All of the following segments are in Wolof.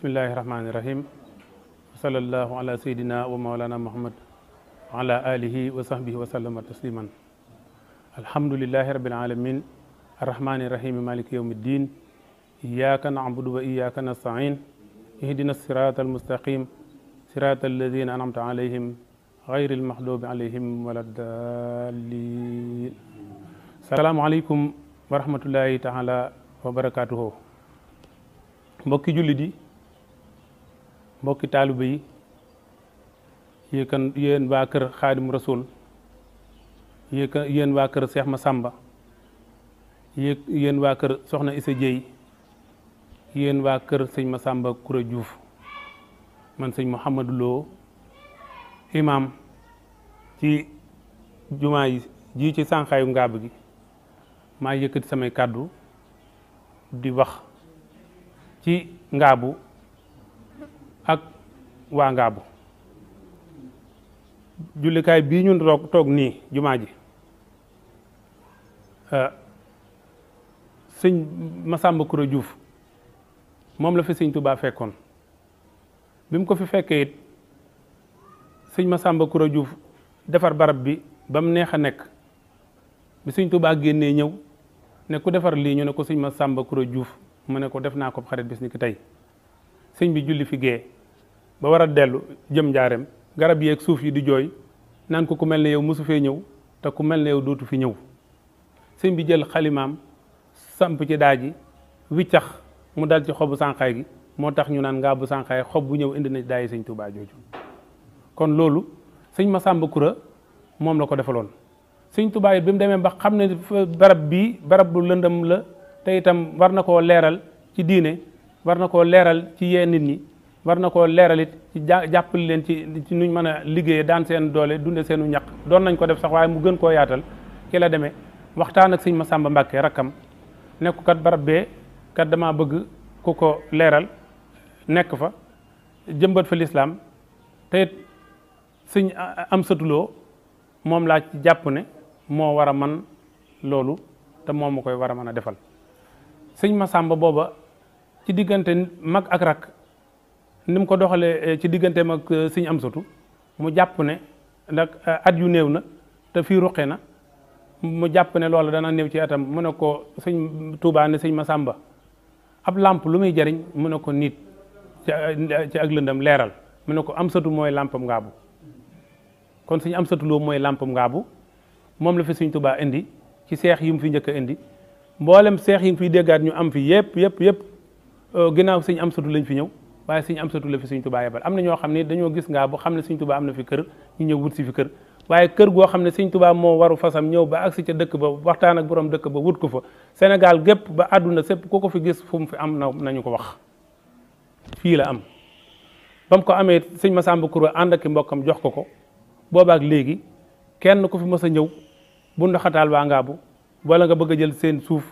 بسم الله الرحمن الرحيم صلى الله على سيدنا ومولانا محمد على آله وصحبه وسلم تسليما الحمد لله رب العالمين الرحمن الرحيم مالك يوم الدين إياك نعبد وإياك نستعين اهدنا الصراط المستقيم صراط الذين أنعمت عليهم غير المحلوب عليهم ولا الضالين السلام عليكم ورحمة الله تعالى وبركاته barakaatuhu mbokki jullit mbokki taaliba yi yéekan yéen waa kër xaadim rasul yéekan yéen waa kër Seex Masàmba yéeg yéen waa kër soxna Isa Jéey yéen waa kër sëñ Masàmba Kura Juuf man sëñ Mouhamadou Lo ci jumaa yi ji ci sànqaayu ngaab gi maa yëkkati samay kàddu di wax ci ngaabu ak waa Ngaabu jullikaay bii ñun toog toog nii jumaa ji euh, sëñ Masamba Kura Juuf moom la fi sëñ Tuubaa fekkoon bi mu ko fi fekkee it sëñ Masamba Kura Juuf defar barab bi ba mu neex a nekk bi sëñ Tuubaa génnee ñëw nekku defar lii ñu ne ko sëñ Masamba Kura Juuf mu ne ko def naa ko xarit bis ni ki tey sëñ bi julli fi gee ba war a dellu jëm njaareem garab yeeg suuf yi di jooy naan ko ku mel ne yow mësu fee ñëw te ku mel ne yow dootu fi ñëw sëñ bi jël xalimaam samp ci daa ji wiccax mu dal ci xobu sànqaay gi moo tax ñu naan ngaa bu sànqaay xob bu ñëw indi na daa yi sëñ Tuubaa jooju kon loolu sëñ Masamba Kura moom la ko defaloon sëñ Tuubaa it bi mu demee mbax xam ne barab bii barab bu lëndëm la te itam war na koo leeral ci diine war na koo leeral ci yee nit ñi war na koo leeral it ci jàppali leen ci ci nuñ mën a liggéeyee daan seen doole dunde seenu ñaq doon nañ ko def sax waaye mu gën koo yaatal ki la deme waxtaan ak ma sàmba Mbàkke rakkam nekku kat barab bee kat damaa bëgg ku ko leeral nekk fa jëmbat fa lislaam te it am satuloo moom laa ci jàpp ne moo war a man loolu te moom mu koy war a mën a defal sëñ Masamba booba ci diggante mag ak rak ni mu ko doxalee eh, ci digganteem ak eh, sëñ Amsatu mu jàpp ne ndax eh, at yu néew na te fii ruqe na mu jàpp ne loolu dana néew ci atam mu ne ko sëñ Tuubaa ne ma sàmba ab làmp lu muy jariñ mu ne ko niit ci ak lëndam leeral mu ne ko Amsatu mooy làmpam ngaabu kon sëñ Amsatu Lo mooy làmpam ngaabu moom la fi sëñ Tuubaa indi ci seex yi mu fi njëkk a indi mboolem seex yi mu fiy déggaat ñu am fi yëpp yëpp yëpp ginnaaw sëñ Amsatu lañ fi ñëw waye seigne am satu la fi seigne touba yebal amna ño ñoo dañu gis nga bu xam seigne touba amna fi keur ñu ñëw wut si fi keur waye keur go xam seigne touba mo waru fasam ñëw ba agsi ci dëkk ba waxtaan ak borom dëkk ba wut ko fa Sénégal gep ba aduna sépp ku ko fi gis fu fi am nañu ko wax fi la am bam ko amé seigne Masamba Kouré ànd ak mbokam jox ko ko boba ak léegi kenn ku fi mësa ñëw bu wa nga bu wala nga bëgg jël seen suuf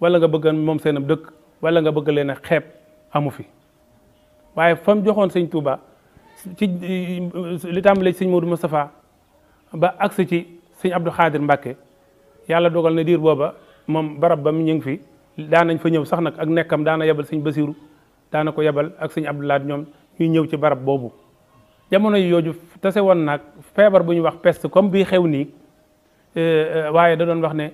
wala nga bëgg mom seenam dëkk wala nga bëgg leen a amu fi waaye fa joxoon sëñ Touba ci euh, li tàmbalee sëñ Modou Moustapha ba agsi ci sëñ Abdou Khadir Mbacke yàlla dogal na diir booba moom barab ba mu ñu ngi fi daan nañ fa ñëw sax nag ak nekkam daana yebal sëñ Basiru daana ko yebal ak sëñ Abdoulaat ñoom ñuy ñëw ci barab boobu jamono yi yooju tase woon nag feebar bu ñu wax peste comme bii xew nii euh, euh, waaye da doon wax ne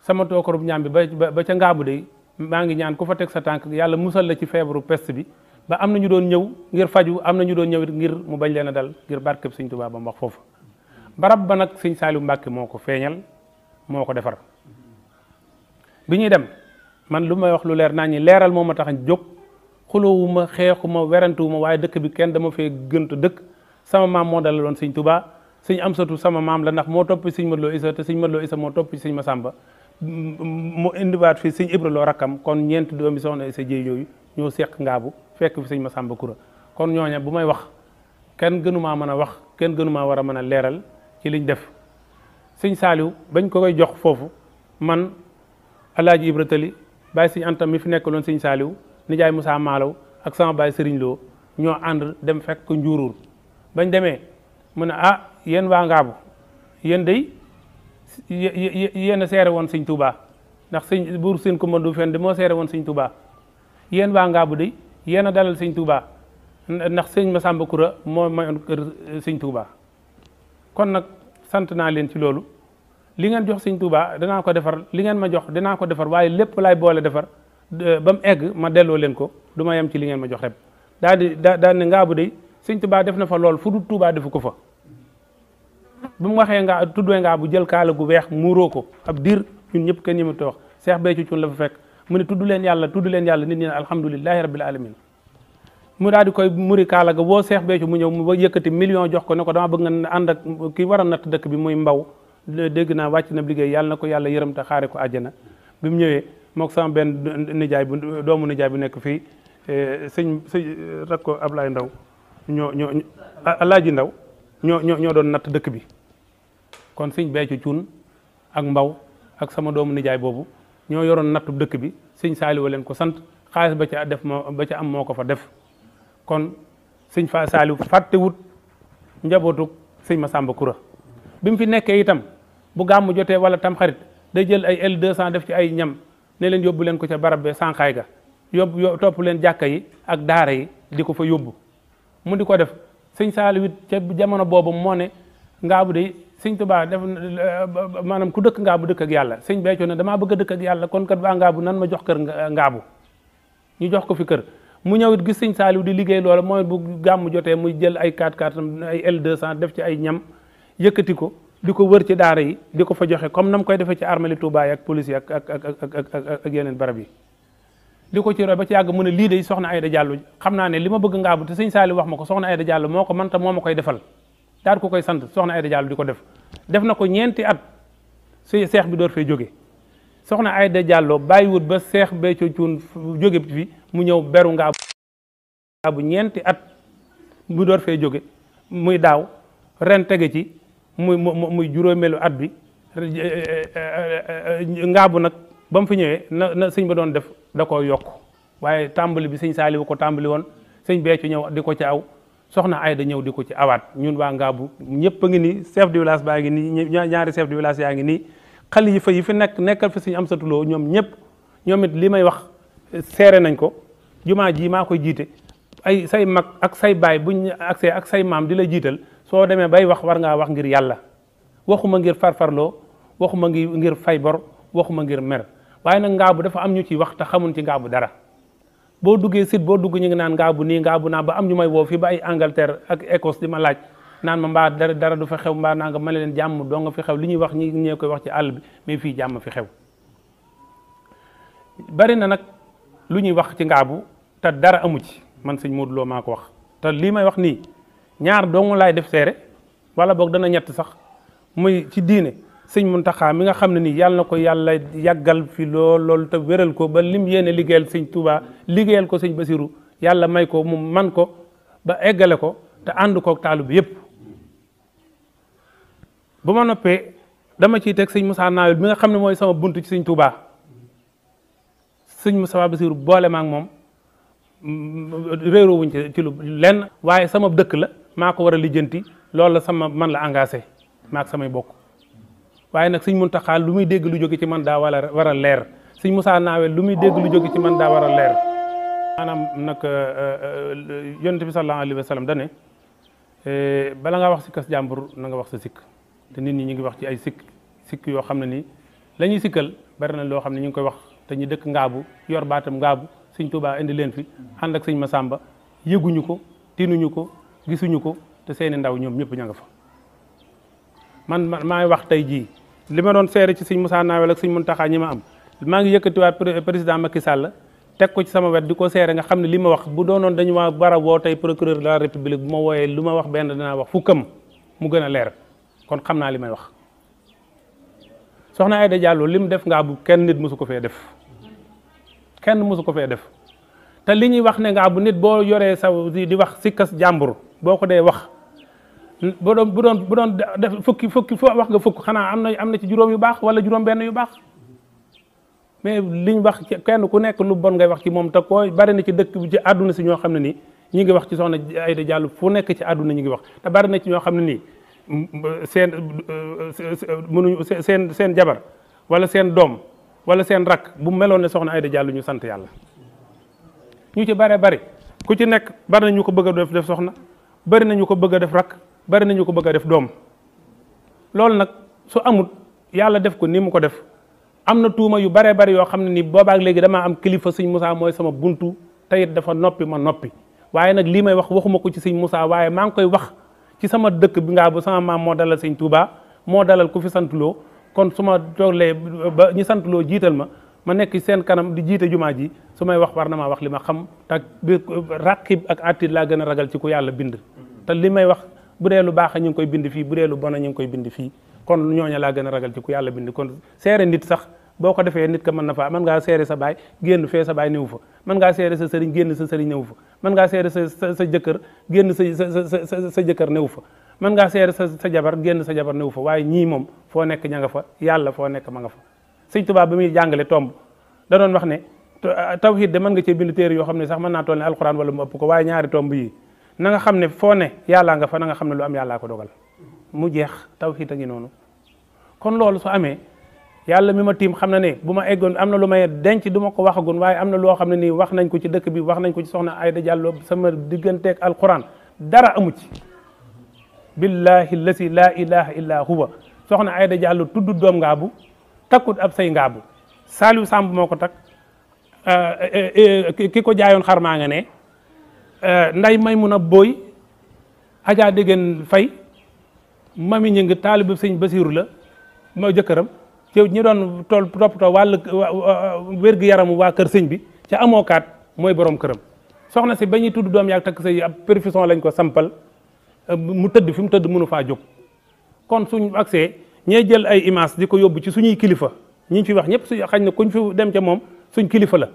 sama tookarub ñaam bi ba ba ca ngaabu de maa ngi ñaan ku fa teg sa tànk yàlla musal la ci feebaru peste bi ba am na ñu doon ñëw ngir faju am na doon ñëw ngir mu bañ leen a dal ngir barkeb sëñ tubaa ba mu wax foofu barab ba nag sëñ Saaliw Mbàkke moo ko feeñal moo ko defar bi ñuy dem man lu may wax lu leer naa ñi leeral moo ma tax a jóg xuloowuma xeexuma werantuwuma waaye dëkk bi kenn dama fee gënt dëkk sama maam moo dalaloon sëñ Tuubaa sëñ Amsatu sama maam la ndax moo topp sëñ ma Lo Isa te sëñ Modou topp sëñ Masamba mu indiwaat fii sëñ Ibra Lo rakkam kon ñeenti doomi soxna Isa Jéy yooyu ñoo seq ngaabu fekk fi ma Masamba Kura kon ñooña bu may wax kenn gënumaa mën a wax kenn gënumaa war a mën a leeral ci liñ def sëñ Saaliw bañ ko koy jox foofu man alaaji Ibra Tali bàyyi sëñ Anta mi fi nekk loon sëñ Saaliw nijaay Moussa maalow ak sama bàyyi Sëriñ Loo ñoo ànd dem fekk ko bañ demee mu ne ah yéen waa Ngaabu yéen day yéen a seere woon sëñ Touba ndax sëñ buur seen ko mën fen di moo seere woon sëñ Touba yéen waa Ngaabu day yéen a dalal sëñ Touba ndax sëñ Massamba Koura moo mayoon kër sëñ kon nag sant naa leen ci loolu li ngeen jox sëñ Touba danaa ko defar li ngeen ma jox dinaa ko defar waaye lépp laay boole defar ba mu egg ma delloo leen ko du ma yem ci li ngeen ma jox rek daal di daal ne ngaa bu dey sëñ Touba def na fa lool fu du Touba defu ko fa bu mu waxee ngaa tuddee ngaa bu jël kaala gu weex muuroo ko ab diir ñun ñëpp kenn ñi mu wax seex béycu cun la fa fekk mu ne tudd leen yàlla tudd leen yàlla nit ñi ne alhamdulilahi rabbil alamin mu daal di koy muri kaala ga boo seex beecu mu ñëw mu ba yëkkati million jox ko ne ko dama bëgg nga ànd ak ki waral a natt dëkk bi muy mbaw dégg naa wàcc na liggéey yàlla ko yàlla yërëm te xaare ko àjjana bi mu ñëwee mook sama benn nijaay bu doomu nijaay bu nekk fii eh, sëñ sëñ rak ko Ablaye Ndaw ñoo ñoo Alaaji Ndaw ñoo ñoo ñoo doon natt dëkk bi kon sëñ beecu cuun ak mbaw ak sama doomu nijaay boobu ñoo yoroon nattu dëkk bi sëñ saaliwu leen ko sant xaalis ba ca def moo ba ca am moo ko fa def kon sëñ fa saaliwu fàttewut njabootu sëñ Masamba Kura bi mu fi nekkee itam bu gàmmu jotee wala tam xarit day jël ay L200 def ci ay ñam ne leen yóbbu leen ko ca barab be sànqaay ga yóbbu topp leen jàkka yi ak daara yi di ko fa yóbbu mu di ko def sëñ saaliwu ca jamono boobu moo ne ngaabu de sëñ tubaa def eh, manam ku dekk ngaabu dekk ak yalla seigne beccu ne dama bëgg dekk ak yalla kon kat ba ngaabu nan ma jox kër ngaabu ñu jox ko fi kër mu ñëw gi seigne salih di liggéey loola moy bu gam jotee muy jël ay 4x4 ay L200 def ci ay ñam yëkëti ko diko wër ci daara yi diko fa joxé comme nam koy defee ci armali Touba yi ak police yi ak ak ak ak ak yenen barab yi diko ci roy ba ci yag mu ne lii day soxna Ayda Diallo xam naa ne lima bëgg ngaabu te seigne salih wax mako soxna Ayda Diallo moo ko man ta moo koy defal daal ko koy sant soxna Aida Diallo di ko def def na ko ñeenti at su seex bi door fee jóge soxna ay Aida Diallo bàyyiwut ba seex Béthio Thioune jóge bi mu ñëw beru ngaa ñeenti at mu door fee jóge muy daaw ren tege ci muy muy juróomeelu at bi e, e, e, ngaabu nag ba fi ñëwee na na sëñ ba doon def da ko yokk waaye tàmbali bi sëñ Saaliwu ko tàmbali woon sëñ Béthio ñëw di ko ci aw soxna da ñëw di ko ci awaat ñun waa Ngaabu ñëpp a ngi nii chef de village baa ngi nii ñaari chef de village yaa ngi nii xal yi fa yi fi nekk nekkal fi suñu am sa tuloo ñoom ñëpp ñoom it li may wax seere nañ ko jumaa ji maa koy jiite ay say mag ak say baay buñ accès ak say maam di la jiital soo demee bay wax war ngaa wax ngir yàlla waxuma ngir farfarloo waxuma ngir fay bor waxuma ngir mer waaye nag Ngaabu dafa am ñu ci wax te xamuñ ci Ngaabu dara boo duggee sit boo dugg ñu ngi naan ngaa bu nii ngaa bu naa ba am ñu may woo fii ba ay Angleterre ak Écosse di ma laaj naan ma mbaa dara dara du fa xew mbaa naa nga ma ne leen jàmm doo nga fi xew li ñuy wax ñi ñee koy wax ci àll bi mais fii jàmm fi xew bari na nag lu ñuy wax ci ngaabu te dara amu ci man sëñ Modou Lo maa ko wax te lii may wax nii ñaar dong laay def seere wala boog dana ñett sax muy ci diine sëñ Muntaxa mi nga xam ne nii yàlla ko yàlla yàggal fi lool lool te wéral ko ba lim yéene liggéeyal sëñ Touba liggéeyal ko sëñ Basiru yàlla may ko mu man ko ba eggale ko te ànd kook taalu bi yëpp. bu ma noppee dama ciy teg sëñ musaa Nawel mi nga xam ne mooy sama bunt ci sëñ Touba sëñ Moussa Basiru boole ma ak moom réeroo wuñ ci lu lenn waaye sama dëkk la maa ko war a lijjanti loolu sama man la engagé maak samay bokk. waaye nag sëñ Muntaxa lu muy dégg lu jóge ci man daa war a leer sëñ Moussa Nawel lu muy dégg lu jóge ci man daa war a leer maanaam nag euh, euh, yonent bi sallallahu alayhi wa sallam dane euh, bala ngaa wax sikkas jàmbur na nga wax sa sikk te nit ñu ngi wax ci ay sikk sikk yoo xam ne nii la ñuy bari na loo xam ne ñu ngi koy wax te dëkk ngaabu yor baatam ngaabu sëñ Tuubaa indi leen fi ànd ak sëñ Masamba yëguñu ko tiinuñu ko gisuñu ko te seeni ndaw ñoom ñëpp ña nga fa man maa ngi wax jii li ma doon seere ci suñ Moussa Nawel ak suñ Mountakha ñi ma am maa ngi yëkkatiwaat président Macky Sall teg ko ci sama wet di ko seere nga xam ne li ma wax bu doonoon dañu ma war woo tey procureur de la république bu ma wooyee lu ma wax benn dinaa wax fukkam mu gën a leer kon xam naa li may wax soxna Aïda li mu def ngaa bu kenn nit mosu ko fee def kenn mosu ko fee def te li ñuy wax ne ngaa bu nit boo yoree sa di wax sikkas jàmbur boo ko dee wax bu doon bu doon bu doon def fukki fukki foo wax nga fukk xanaa am na am na ci juróom yu baax wala juróom benn yu baax mais liñ wax ci kenn ku nekk lu bon ngay wax ci moom te koo bari na ci dëkk bi ci àdduna si ñoo xam ne nii ñi ngi wax ci soxna Aida Diallo fu nekk ci àdduna ñi ngi wax te bari na ci ñoo xam ne nii seen mënuñu seen seen jabar wala seen doom wala seen rakk bu meloon ne soxna ay da jàll ñu sant yàlla ñu ci bare bari ku ci nekk bari na ñu ko bëgg a def def soxna bari na ñu ko bëgg a def rakk bari nañu ko bëgg def doom loolu nag su amut yàlla def ko ni mu ko def am na tuuma yu baree bari yoo xam ne ni boobaak léegi damaa am kilifa sëñ Moussa mooy sama buntu teyit dafa noppi ma noppi waaye nag lii may wax waxuma ko ci sëñ Moussa waaye maa ngi koy wax ci sama dëkk bi ngaa bu sama maam moo dalal sëñ Touba moo dalal ku fi santuloo kon su ma toolee ba ñi santuloo jiital ma ma nekk seen kanam di jiite jumaa ji su may wax war na maa wax li ma xam te raqib ak atit laa gën a ragal ci ku yàlla bind bu dee lu baax ñu ngi koy bind fii bu dee lu bon ñu ngi koy bind fii kon ñooña laa gën a ragal ci ku yàlla bind kon seere nit sax boo ko defee nit ka mën na faa mën ngaa seere sa baay génn fee sa baay néew fa mën ngaa seere sa sëriñ génn sa sëriñ néew fa mën ngaa seere sa sa sa jëkkër génn sa sa sa sa jëkkër néew fa mën ngaa seere sa sa jabar génn sa jabar néew fa waaye ñii moom foo nekk ña nga fa yàlla foo nekk ma nga fa sëñ tubaab ba muy jàngale tomb da wax ne tawhid de mën nga cee bind téere yoo xam ne sax mën naa toll ne alxuraan wala mu ëpp ko waaye ñaari tomb yi na nga xam ne foo ne yàllaa nga fa na nga xam ne lu am yàllaa ko dogal mu jeex tawxiit a ngi kon loolu su amee yàlla mi ma tiim xam ne bu ma eggoon lu may denc du ma ko waxagun waaye am na loo xam ne nii wax nañ ko ci dëkk bi wax nañ ko ci soxna Ayda Diallo sama digganteeg alquran dara amu ci billahi lasi laa ilaha illa huwa soxna Ayda Diallo tudd doom ngaabu takkut ab say ngaabu Saliou Samb moo ko takk ki ko jaayoon xar nga ne Euh, nday a Booy Adja Dégeen Fay mami ñi ngi taalibu sëñ Basiiru la moo jëkkëram ci ñi doon tool toppatoo wàll wérgu yaramu waa kër sëñ bi ci amoo kaat mooy borom këram soxna si ba ñuy tudd doom yaag takk say ab perfusion lañ ko sampal euh, mu tëdd fi mu tëdd mënu faa jóg kon suñ accès ñee jël ay image di ko yóbbu ci suñuy kilifa ñi ñu fi wax ñëpp su xañ na kuñ fi dem ca moom suñ kilifa la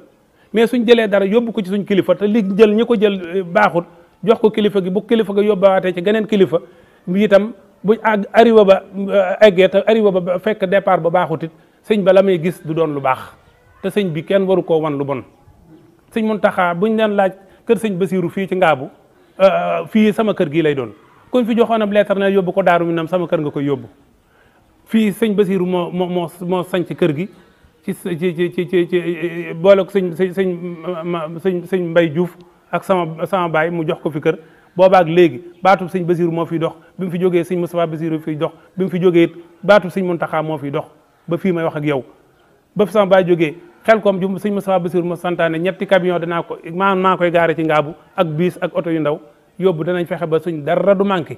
mais suñ jëlee dara yóbbu ko ci suñ kilifa te li jël ñi ko jël eh, baaxut jox ko kilifa gi bu kilifa ga yóbbawaatee ci geneen kilifa itam bu àgg arrivé ba eh, eggee te arrivé ba fekk départ ba baaxut it sëñ ba la may gis du doon lu baax te sëñ bi kenn waru koo wan lu bon sëñ mun Muntaxa buñ leen laaj kër sëñ Basiiru fii ci ngaabu eh, fii sama kër gii lay doon kon fi joxoon ab lettre na yóbbu ko daaru mi nam sama kër nga koy yóbbu fii sëñ Basiiru moo moo moo moo sañ ci kër gi ci ci ci ci ci ci boole ko sëñ sëñ sëñ sëñ Mbay Diouf ak sama sama baay mu jox ko fi kër boobaak léegi baatub sëñ Basiru moo fiy dox bi mu fi jógee sëñ Moustapha Basiru fiy dox bi mu fi jógee baatu baatub sëñ Muntaxa moo fiy dox ba fii may wax ak yow ba fi sama jógee xel koom ju sëñ Moustapha Basiru santaane ñetti camion danaa ko maa maa koy gaare ci ngaabu ak biis ak oto yu ndaw yóbbu danañ fexe ba suñ dara du manqué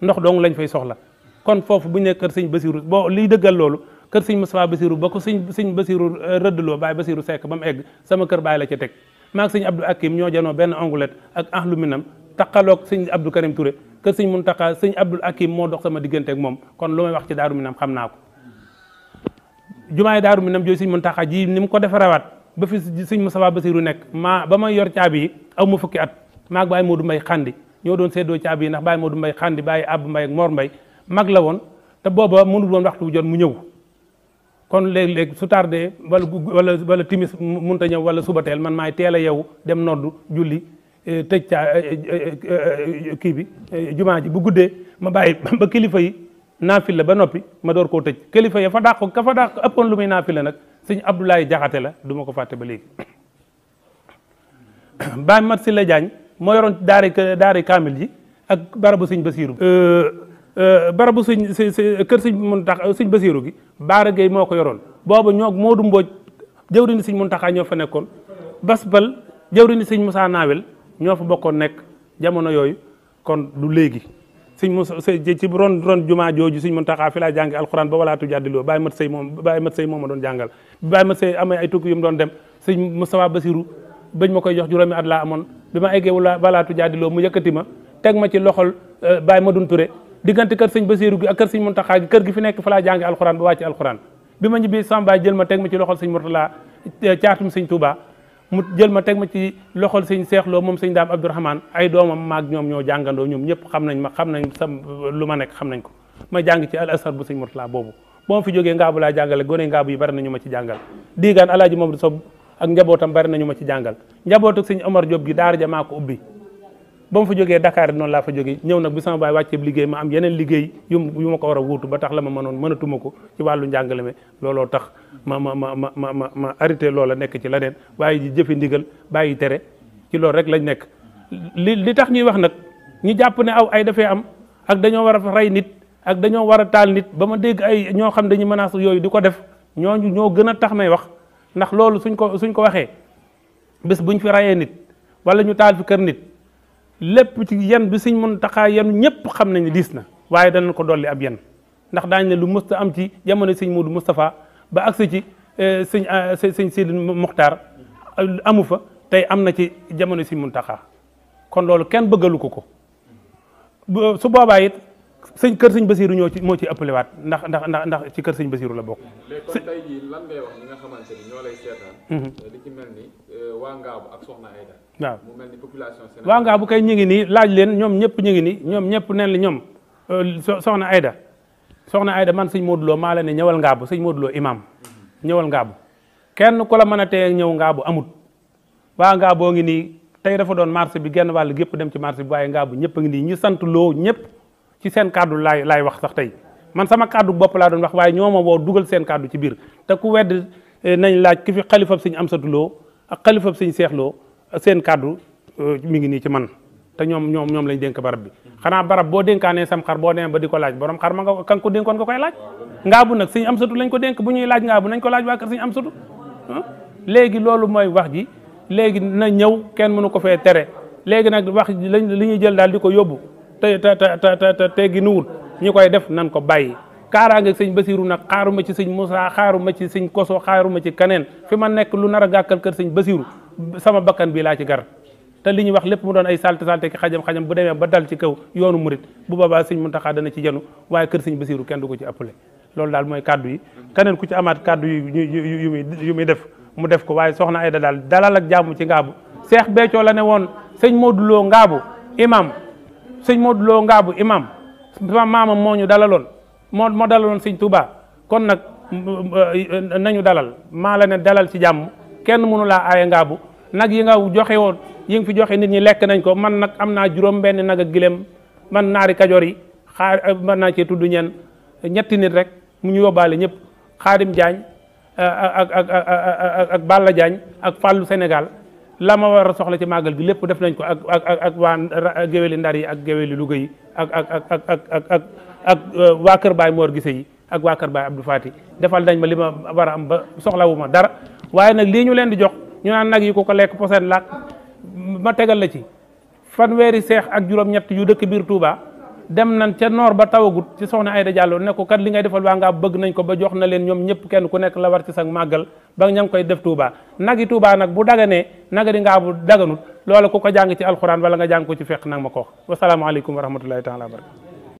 ndox dong lañ fay soxla kon foofu bu ñu nekk kër sëñ Basiru boo liy dëggal loolu kër sëñ Moustapha Bassirou ba ko sëñ sëñ Bassirou euh, rëddloo Baye Bassirou Seck ba mu egg sama kër Baye la ca teg maag sëñ Abdou Akim ñoo janoo benn ongulet ak ahlu minam taqaloog sëñ Abdou Karim Touré kër sëñ Mountakha sëñ Abdou Akim moo dox sama diggante ak moom kon lu wax ci daaru minam xam naa ko jumaay daaru minam jooyu sëñ Mountakha ji ni mu ko defarawaat ba fi sëñ Moustapha Bassirou nekk maa ba may yor caabi yi aw ma fukki at maag Baye Modou Mbaye Xandi ñoo doon seddoo caabi yi ndax Baye du mbay Xandi bàyyi Abou Mbaye ak Mor mbay mag la woon te booba mënul woon waxtu wu jot mu ñëw kon léeg-léeg su tardé wala wala wala timis munta ñëw wala suba teel man maay teel a yow dem noddu julli eh, tëj caa eh, eh, kii bi jumaa ji bu guddee ma bàyyi ba kilifa yi naafila ba noppi ma door koo tëj kilifa ya fa dàq ka fa dàq ëppoon lu muy naafila nag sëñ Abdoulaye Jaxate la duma ko fàtte ba léegi Baay Mat Silla Jaañ moo yoroon daari kaamil ji ak barabu sëñ Basiiru euh, Euh, barabu sëñ sëñ kër sëñ Muntaxa euh, siñ Basiiru gi Baara Gueye moo ko yoroon boobu ñoo Moodu Mbooj jëwriñu sëñ Muntaxa ñoo fa nekkoon Bas Bal jëwriñu sëñ Moussa Nawel ñoo fa bokkoon nekk jamono yooyu kon du léegi sëñ Moussa ci ron ron jumaa jooju sëñ Muntaxa fi laa jàngi alxuraan ba walaatu jàddiloo bàyyi mat moom bàyyi mat sëy moom ma doon jàngal bàyyi mat sëy amee ay tukki mu doon dem sëñ Moustapha Basiiru bañ ma koy jox juróomi at laa amoon bi ma eggee wala walaatu loo mu yëkkati ma teg ma ci loxol euh, baay ma dun Ture diggante kër sëñ Basiiru gi ak kër sëñ Muntaxaa gi kër gi fi nekk fa laa jànge alxuraan ba wàcc alxuraan bi ma ñibbee sama jël ma teg ma ci loxol sëñ Murtala eh, caatum sëñ Touba mu jël ma teg ma ci loxol sëñ Seexloo moom sëñ Daam Abdourahmane ay doomam maak ñoom ñoo jàngandoo ñoom ñëpp xam nañ ma xam nañ sam lu ma nekk xam nañ ko ma jàng ci al asar bu sëñ Murtala boobu boo ma fi jógee ngaabu laa jàngale gone ngaabu yi bari nañu ma ci jàngal diigaan alaaji Mamadou Sob ak njabootam bari nañu ma ci jàngal njabootu sëñ Omar gi daara ja maa ko ubbi ba ma fa jógee Dakar noonu laa fa jógee ñëw nag bi sama baay wàccee liggéey ma am yeneen liggéey yu yu ma ko war a wuutu ba tax la ma mënoon mënatuma ko ci wàllu njàngale mi looloo tax ma ma ma ma ma ma ma arrêté loola nekk ci leneen waaye ji jëfe ndigal bàyyi tere ci loolu rek lañ nekk li li tax ñuy wax nag ñu jàpp ne aw ay dafee am ak dañoo war a rey nit ak dañoo war a taal nit ba ma dégg ay ñoo xam dañuy menace yooyu di ko def ñooñu ñoo gën a tax may wax ndax loolu suñ ko suñ ko waxee bés buñ fi rayee nit wala ñu taal fi kër nit lépp ci yan bi Sëñ Muntaxa yan ñëpp xam nañ ne diis na waaye danañ ko dolli ab yan ndax daañu lu mës am ci jamono Sëñ Moodu Moustapha ba agsi ci eh, sëñ ah, sëñ Sidi Muxtaar amu fa tey am na ci jamono mun Muntaxa kon loolu kenn bëggalu ko ko su boobaa it sëñ kër sëñ Basiiru ñoo ci moo ci ëppalewaat ndax ndax ndax ndax ci kër sëñ Basiiru la bokk. léegi kon tey jii waaw mu waa ngaa bu kay ñu ngi nii laaj leen ñoom ñëpp ñu ngi nii ñoom ñëpp neen la ñoom euh, soxna Ayda soxna Ayda man sëñ Modou Lo maa la ne ñëwal ngaabu sëñ Modou Lo imam mm-hmm. ñëwal ngaabu kenn ku la mën a teye ñëw ngaa bu amut waa boo ngi nii tey dafa doon marché bi genn wàll gépp dem ci marché bi waaye ngaabu ñëpp a ngi nii ñi sant loo ñëpp ci seen kàddu laay laay wax sax tey man sama kàddu bopp laa doon wax waaye ñoo ma woo dugal seen kàddu ci biir te ku eh, nañ laaj ki fi xalifab sëñ Amsatu Lo ak xalifab seen kàddu euh, mi ngi nii ci man te ñoom ñoom ñoom lañ denk barab bi xanaa barab boo denkaanee sam xar boo demee ba di ko laaj borom xar ma nga kan ko dénkoon nga koy laaj ngaa bu nag suñu am satu lañ ko dénk bu ñuy laaj ngaa bu ko laaj waa kër suñu am satu léegi loolu mooy wax ji léegi na ñëw kenn mënu ko fee tere léegi nag wax lañ li ñuy jël daal di ko yóbbu te te te koy def nan ko bàyyi kaaraange sëñ Basiru nag xaaruma ci sëñ Moussa xaaruma ci sëñ Koso xaaruma ci keneen fi ma nekk lu nar a gàkkal kër sëñ Basiru sama bakkan bi laa ci gar te li wax lépp mu doon ay salte salte ki xajam xajam bu demee ba dal ci kaw yoonu murit bu boobaa sëñ Muntaxa dana ci janu waaye kër sëñ Basiiru kenn du ko ci appelé loolu daal mooy kaddu yi keneen ku ci amaat kaddu yu muy yu muy def mu def ko waaye soxna Ayda daal dalal ak jàmm ci ngaabu Seex Béthio la ne woon sëñ Modou Lo ngaabu imam sëñ Modou Lo ngaabu imam sama maamam moo ñu dalaloon moo moo dalaloon sëñ Touba kon nag nañu dalal maa la ne dalal ci kenn mënu laa aaye ngaabu nag yi nga joxe woon yi nga fi joxe nit ñi lekk nañ ko man nag am naa juróom benn nag ak gileem man naari kajoor yi xaar man naa cee tudd ñeen ñetti nit rek mu ñu yóbbaale ñëpp xaarim jaañ ak ak ak ak Balla fàllu Sénégal la ma war a soxla ci màggal gi lépp def nañ ko ak ak ak waa ndar yi ak géwéli Louga yi ak ak ak ak Kër Baay Mor Gise ak waa Kër Baay Fati defal nañ ma li war a am ba soxlawu dara waaye nag lii ñu leen di jox ñu naan nag yi ku ko lekk poset laak ma tegal la ci fanweeri seex ak juróom-ñett yu dëkk biir Touba dem nañ ca noor ba tawagut ci soxna Ayda Diallo ne ko kat li ngay defal waa ngaa bëgg nañ ko ba jox na leen ñoom ñëpp kenn ku nekk la war ci sag màggal ba ña ngi koy def Touba nag yi Touba nag bu daganee naga di ngaa bu daganut loole ku ko jàng ci alxuraan wala nga jàng ko ci fekk nag ma ko wax wasalaamaaleykum wa rahmatullahi taala wa barakatu